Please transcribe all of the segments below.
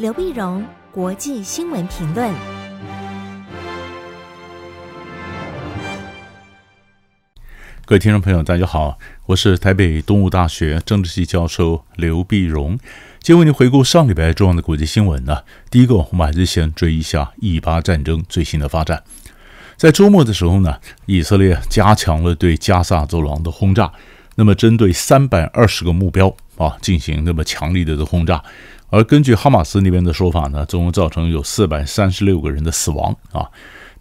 劉必榮，國際新聞評論。各位聽眾朋友，大家好，我是台北東吳大學政治系教授劉必榮。今天為您回顧上禮拜重要的國際新聞呢。第一個，我們還是先追一下以巴戰爭最新的發展。在週末的時候呢，以色列加強了對加薩走廊的轟炸，那麼針對三百二十個目標。啊，進行那麼強力的的轟炸，而根據哈馬斯那邊的說法呢，總共造成有四百三十六個人的死亡啊。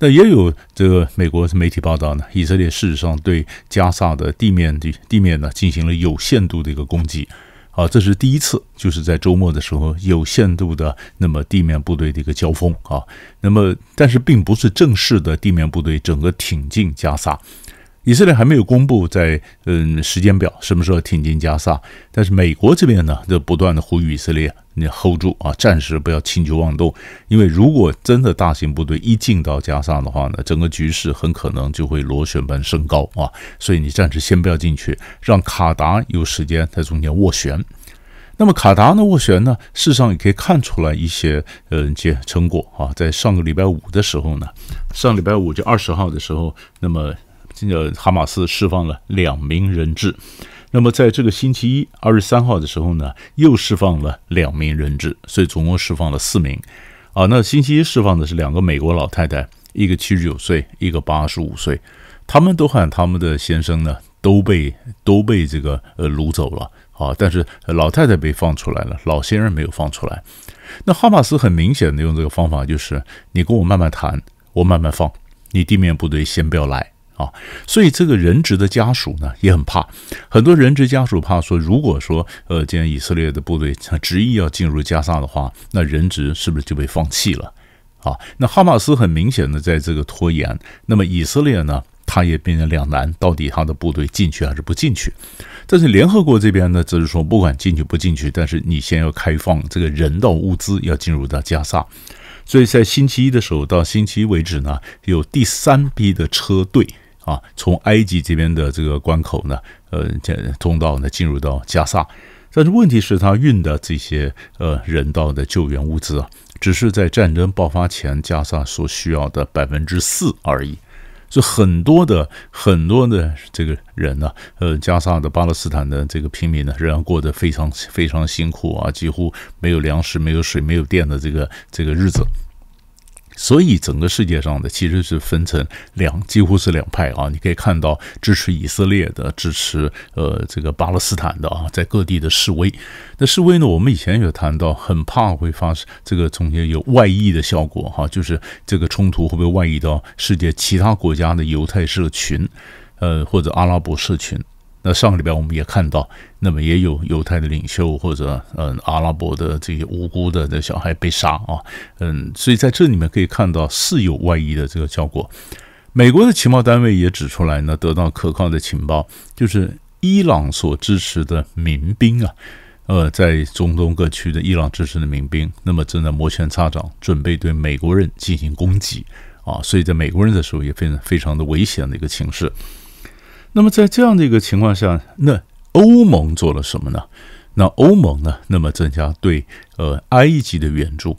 那也有這個美國媒體報道呢，以色列事實上對加薩的地面的地，地面呢進行了有限度的一個攻擊。啊，這是第一次，就是在周末的時候有限度的那麼地面部隊的一個交鋒啊。那麼，但是並不是正式的地面部隊整個挺進加薩。以色列還沒有公布在嗯時間表什麼時候挺進加沙，但是美國這邊呢，就不斷的呼籲以色列，你 hold 住啊，暫時不要輕舉妄動，因為如果真的大型部隊一進到加沙的話呢，整個局勢很可能就會螺旋般升高啊，所以你暫時先不要進去，讓卡達有時間在中間斡旋。那麼卡達的斡旋呢，事實上也可以看出來一些嗯結、呃、成果啊，在上個禮拜五的時候呢，上禮拜五就二十號的時候，那麼。現在哈馬斯釋放了兩名人質，那麼在這個星期一，二十三號的時候呢，又釋放了兩名人質，所以總共釋放了四名。啊，那星期一釋放的是兩個美國老太太，一個七十九歲，一個八十五歲，他們都喊他們的先生呢都被都被這個呃擄走了啊，但是老太太被放出來了，老先生沒有放出來。那哈馬斯很明顯的用這個方法，就是你跟我慢慢談，我慢慢放，你地面部隊先不要來。啊，所以這個人質的家屬呢也很怕，很多人質家屬怕說，如果說呃，既然以色列的部隊他執意要進入加沙的話，那人質是不是就被放棄了？啊，那哈馬斯很明顯的在這個拖延，那麼以色列呢，他也變成兩難，到底他的部隊進去還是不進去？但是聯合國這邊呢，則是說不管進去不進去，但是你先要開放這個人道物資要進入到加沙，所以在星期一的時候到星期一為止呢，有第三批的車隊。啊，從埃及這邊的這個關口呢，呃，這通道呢，進入到加沙，但是問題是，他運的這些呃人道的救援物資啊，只是在戰爭爆發前加沙所需要的百分之四而已，所以很多的很多的這個人呢、啊，呃，加沙的巴勒斯坦的這個平民呢，仍然過得非常非常辛苦啊，幾乎沒有糧食、沒有水、沒有電的這個這個日子。所以，整個世界上的其實是分成兩，幾乎是兩派啊。你可以看到支持以色列的，支持呃這個巴勒斯坦的啊，在各地的示威。那示威呢，我們以前有談到，很怕會發生這個中間有外溢的效果哈、啊，就是這個衝突會不會外溢到世界其他國家的猶太社群，呃或者阿拉伯社群。那上個禮拜我們也看到，那麼也有猶太的領袖或者嗯、呃、阿拉伯的這些無辜的的小孩被殺啊，嗯，所以在這裡面可以看到是有外溢的這個效果。美國的情報單位也指出來呢，得到可靠的情報，就是伊朗所支持的民兵啊，呃，在中東各區的伊朗支持的民兵，那麼正在摩拳擦掌，準備對美國人進行攻擊啊，所以在美國人的時候也非常非常的危險的一個情勢。那麼在這樣的一個情況下，那歐盟做了什麼呢？那歐盟呢？那麼增加對呃埃及的援助，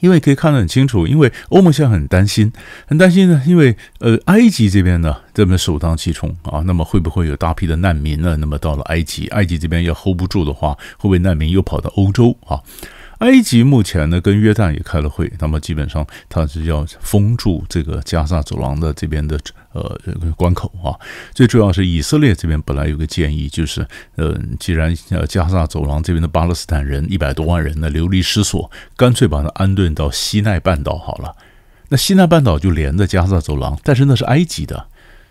因為可以看得很清楚，因為歐盟現在很擔心，很擔心呢，因為呃埃及這邊呢，這邊首當其衝啊，那麼會不會有大批的難民呢？那麼到了埃及，埃及這邊要 hold 不住的話，會不會難民又跑到歐洲啊？埃及目前呢，跟約旦也開了會，那麼基本上它是要封住這個加沙走廊的這邊的呃、這個、關口啊。最重要是，以色列這邊本來有個建議，就是、呃、既然呃加沙走廊這邊的巴勒斯坦人一百多萬人呢流離失所，乾脆把它安頓到西奈半島好了。那西奈半島就連着加沙走廊，但是那是埃及的，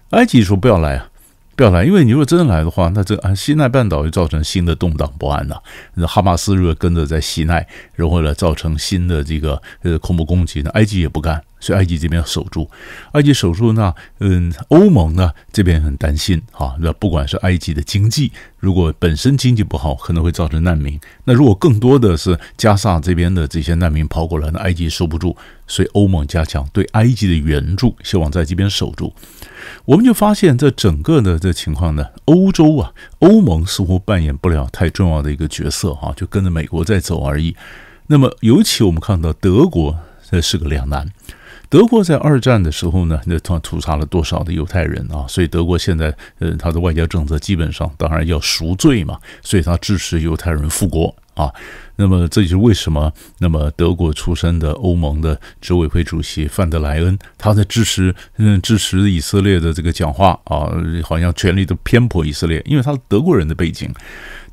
埃及說不要來啊。不要來，因為你如果真的來的話，那這啊西奈半島就造成新的動盪不安了。那哈馬斯如果跟着在西奈，然後呢造成新的這個呃恐怖攻擊，那埃及也不幹。所以埃及這邊要守住，埃及守住呢，嗯，歐盟呢這邊很擔心哈、啊。那不管是埃及的經濟，如果本身經濟不好，可能會造成難民。那如果更多的是加薩這邊的這些難民跑過來，那埃及守不住，所以歐盟加強對埃及的援助，希望在這邊守住。我們就發現這整個的這情況呢，歐洲啊，歐盟似乎扮演不了太重要的一個角色哈、啊，就跟着美國在走而已。那麼尤其我們看到德國，這是個兩難。德國在二戰的時候呢，那他屠殺了多少的猶太人啊？所以德國現在，呃，他的外交政策基本上當然要贖罪嘛，所以他支持猶太人復國。啊，那麼這就是為什麼那麼德國出身的歐盟的執委會主席范德萊恩，他在支持嗯，支持以色列的這個講話啊，好像全力都偏頗以色列，因為他是德國人的背景。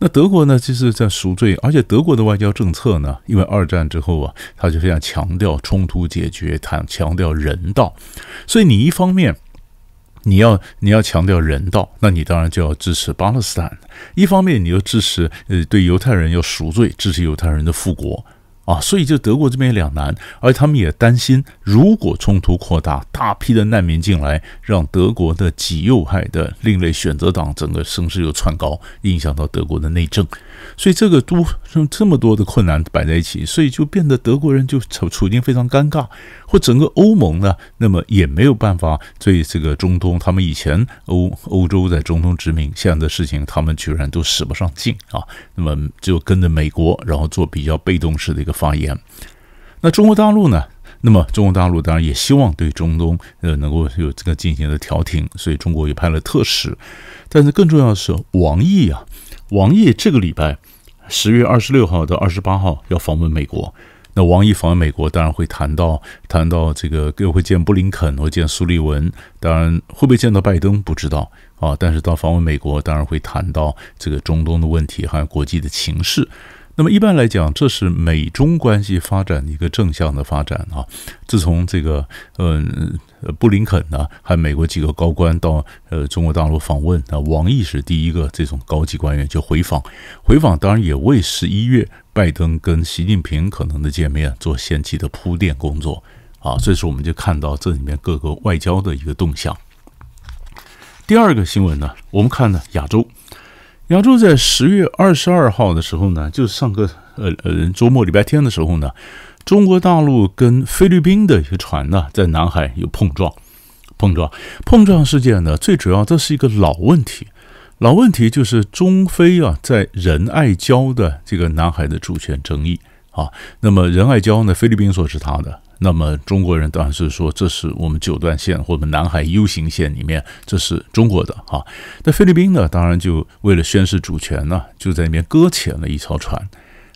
那德國呢，就是在贖罪，而且德國的外交政策呢，因為二戰之後啊，他就非常強調衝突解決，他強調人道，所以你一方面。你要你要強調人道，那你當然就要支持巴勒斯坦。一方面你要支持，呃，對猶太人要贖罪，支持猶太人的復國啊。所以就德國這邊兩難，而他們也擔心，如果衝突擴大，大批的難民進來，讓德國的極右派的另類選擇黨整個聲勢又竄高，影響到德國的內政。所以這個都這麼多的困難擺在一起，所以就變得德國人就處處境非常尷尬，或整個歐盟呢，那麼也沒有辦法對這個中東，他們以前歐歐洲在中東殖民，現在的事情他們居然都使不上勁啊，那麼就跟着美國，然後做比較被動式的一個發言。那中國大陸呢，那麼中國大陸當然也希望對中東呃能夠有這個進行的調停，所以中國也派了特使，但是更重要的是王毅啊。王毅這個禮拜十月二十六號到二十八號要訪問美國，那王毅訪問美國當然會談到談到這個，又會見布林肯，會見蘇利文，當然會不會見到拜登不知道啊，但是到訪問美國，當然會談到這個中東的問題還有國際的情勢。那麼一般來講，這是美中關係發展的一個正向的發展啊。自從這個呃布林肯呢，還美國幾個高官到呃中國大陸訪問，那王毅是第一個這種高級官員就回訪，回訪當然也為十一月拜登跟習近平可能的見面做先期的鋪墊工作啊。這時我們就看到這裡面各個外交的一個動向。第二個新聞呢，我們看呢亞洲。亞洲在十月二十二號的時候呢，就是上個呃呃周末禮拜天的時候呢，中國大陸跟菲律賓的一個船呢，在南海有碰撞、碰撞、碰撞事件呢。最主要，這是一個老問題，老問題就是中菲啊，在仁愛礁的這個南海的主權爭議啊。那麼仁愛礁呢，菲律賓說是他的。那麼中國人當然是說，這是我們九段線或者我們南海 U 型線裡面，這是中國的啊，那菲律賓呢，當然就為了宣示主權呢，就在裡面擱淺了一艘船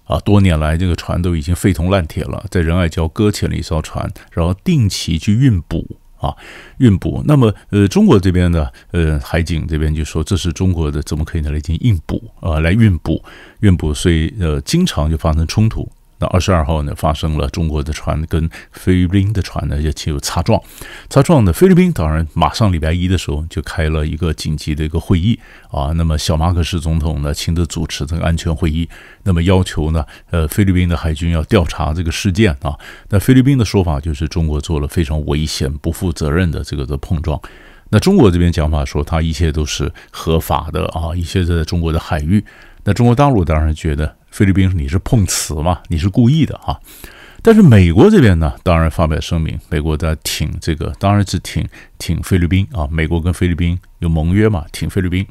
啊。多年來，這個船都已經廢銅爛鐵了，在仁愛礁擱淺了一艘船，然後定期去運補啊，運補。那麼呃，中國這邊的呃海警這邊就說，這是中國的，怎麼可以來進行運補啊，來運補運補？所以呃，經常就發生衝突。那二十二號呢，發生了中國的船跟菲律賓的船呢，就起有擦撞。擦撞呢，菲律賓當然馬上禮拜一的時候就開了一個緊急的一個會議啊。那麼小馬可斯總統呢親自主持這個安全會議，那麼要求呢，呃，菲律賓的海軍要調查這個事件啊。那菲律賓的說法就是中國做了非常危險、不負責任的這個的碰撞。那中國這邊講法說他一切都是合法的啊，一切在中國的海域。那中國大陸當然覺得。菲律賓，你是碰瓷嘛？你是故意的哈、啊。但是美國這邊呢，當然發表聲明，美國在挺這個，當然是挺挺菲律賓啊。美國跟菲律賓有盟約嘛，挺菲律賓。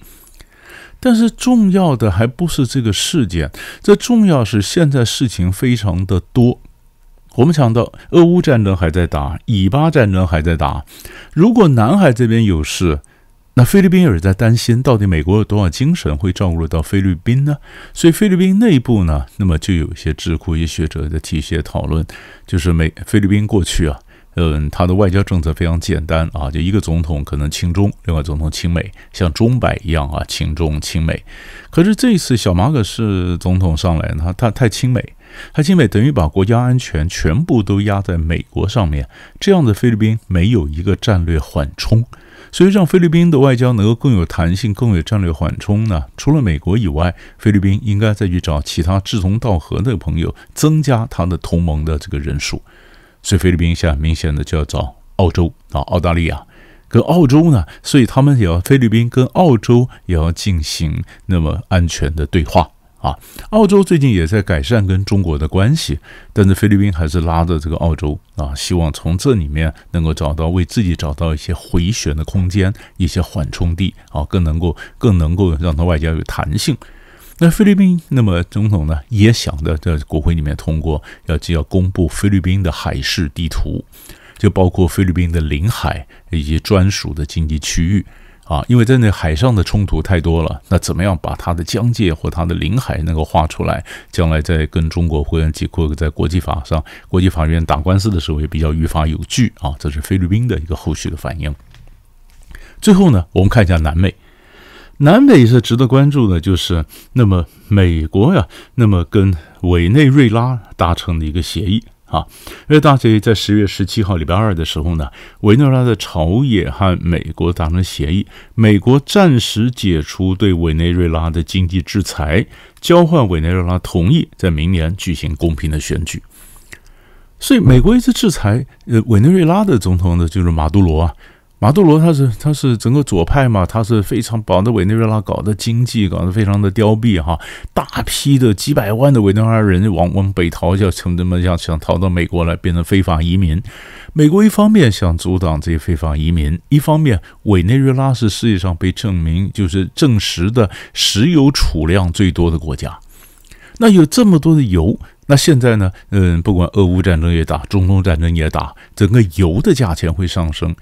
但是重要的還不是這個事件，這重要是現在事情非常的多。我們想到，俄烏戰爭還在打，以巴戰爭還在打。如果南海這邊有事，那菲律賓也在擔心，到底美國有多少精神會照顧到菲律賓呢？所以菲律賓內部呢，那麼就有一些智庫、一些學者在提一些討論，就是美菲律賓過去啊，嗯，他的外交政策非常簡單啊，就一個總統可能親中，另外總統親美，像鐘擺一樣啊，親中親美。可是這一次小馬可斯總統上來呢，他太,太親美，他親美等於把國家安全全部都壓在美國上面，這樣的菲律賓沒有一個戰略緩衝。所以讓菲律賓的外交能夠更有彈性，更有戰略緩衝呢？除了美國以外，菲律賓應該再去找其他志同道合的朋友，增加他的同盟的這個人數。所以菲律賓現在明顯的就要找澳洲啊，澳大利亞。跟澳洲呢，所以他們也要菲律賓跟澳洲也要進行那麼安全的對話。啊，澳洲最近也在改善跟中國的關係，但是菲律賓還是拉着這個澳洲啊，希望從這裡面能夠找到為自己找到一些回旋的空間，一些緩衝地啊，更能夠更能夠讓它外交有彈性。那菲律賓那麼總統呢，也想着在國會裡面通過要，要要公布菲律賓的海事地圖，就包括菲律賓的領海以及專屬的經濟區域。啊，因為在那海上的衝突太多了，那怎麼樣把它的疆界或它的領海能夠畫出來？將來在跟中國會員起或在國際法上國際法院打官司的時候也比較於法有據啊。這是菲律賓的一個後續的反應。最後呢，我們看一下南美，南美是值得關注的，就是那麼美國呀，那麼跟委內瑞拉達成的一個協議。啊，因為大家在十月十七號禮拜二的時候呢，委內瑞拉的朝野和美國達成協議，美國暫時解除對委內瑞拉的經濟制裁，交換委內瑞拉同意在明年舉行公平的選舉。所以美國一直制裁委內瑞拉的總統呢，就是馬杜羅啊。馬杜羅他是他是整個左派嘛，他是非常把那委內瑞拉搞的經濟搞得非常的凋敝哈，大批的幾百萬的委內瑞拉人往往北逃，要從這麼要想逃到美國來，變成非法移民。美國一方面想阻擋這些非法移民，一方面委內瑞拉是世界上被證明就是證實的石油儲量最多的國家。那有這麼多的油，那現在呢？嗯，不管俄烏戰爭也打，中東戰爭也打，整個油的價錢會上升。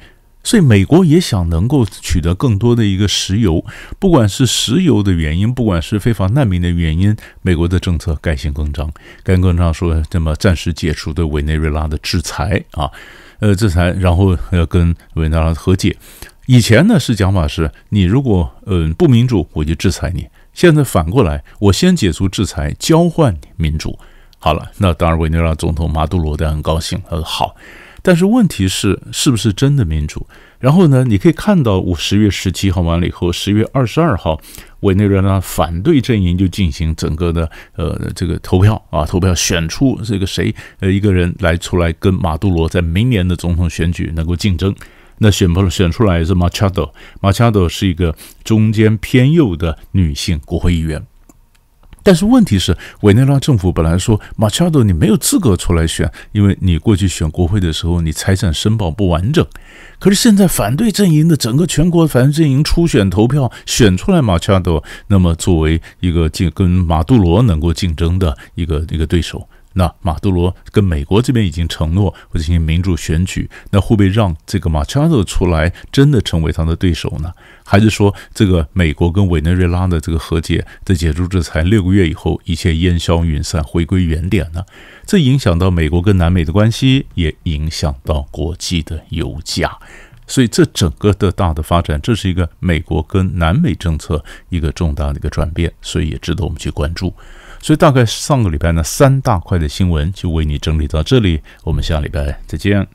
所以美國也想能夠取得更多的一個石油，不管是石油的原因，不管是非法難民的原因，美國的政策改弦更張，改更張說這麼暫時解除對委內瑞拉的制裁啊，呃，制裁然後要、呃、跟委內瑞拉和解。以前呢是講法是，你如果嗯、呃、不民主，我就制裁你。現在反過來，我先解除制裁，交換民主。好了，那當然委內瑞拉總統馬杜羅都很高興，他說好。但是問題是，是不是真的民主？然後呢，你可以看到，我十月十七號完了以後，十月二十二號，委內瑞拉反對陣營就進行整個的呃這個投票啊，投票選出這個誰呃一個人來出來跟馬杜羅在明年的總統選舉能夠競爭。那選出選出來是馬查多。馬查多是一個中間偏右的女性國會議員。但是問題是，委內瑞拉政府本來說馬查多，你沒有資格出來選，因為你過去選國會的時候，你財產申報不完整。可是現在反對陣營的整個全國反對陣營初選投票，選出來馬查多，那麼作為一個競，跟馬杜羅能夠競爭的一個一個對手。那馬杜羅跟美國這邊已經承諾會進行民主選舉，那會不會讓這個馬查多出來真的成為他的對手呢？還是說這個美國跟委內瑞拉的這個和解在解除制裁六個月以後，一切煙消雲散，回歸原點呢？這影響到美國跟南美的關係，也影響到國際的油價。所以，這整個的大的發展，這是一個美國跟南美政策一個重大的一個轉變，所以也值得我們去關注。所以，大概上個禮拜呢，三大塊的新聞就為你整理到這裡，我們下禮拜再見。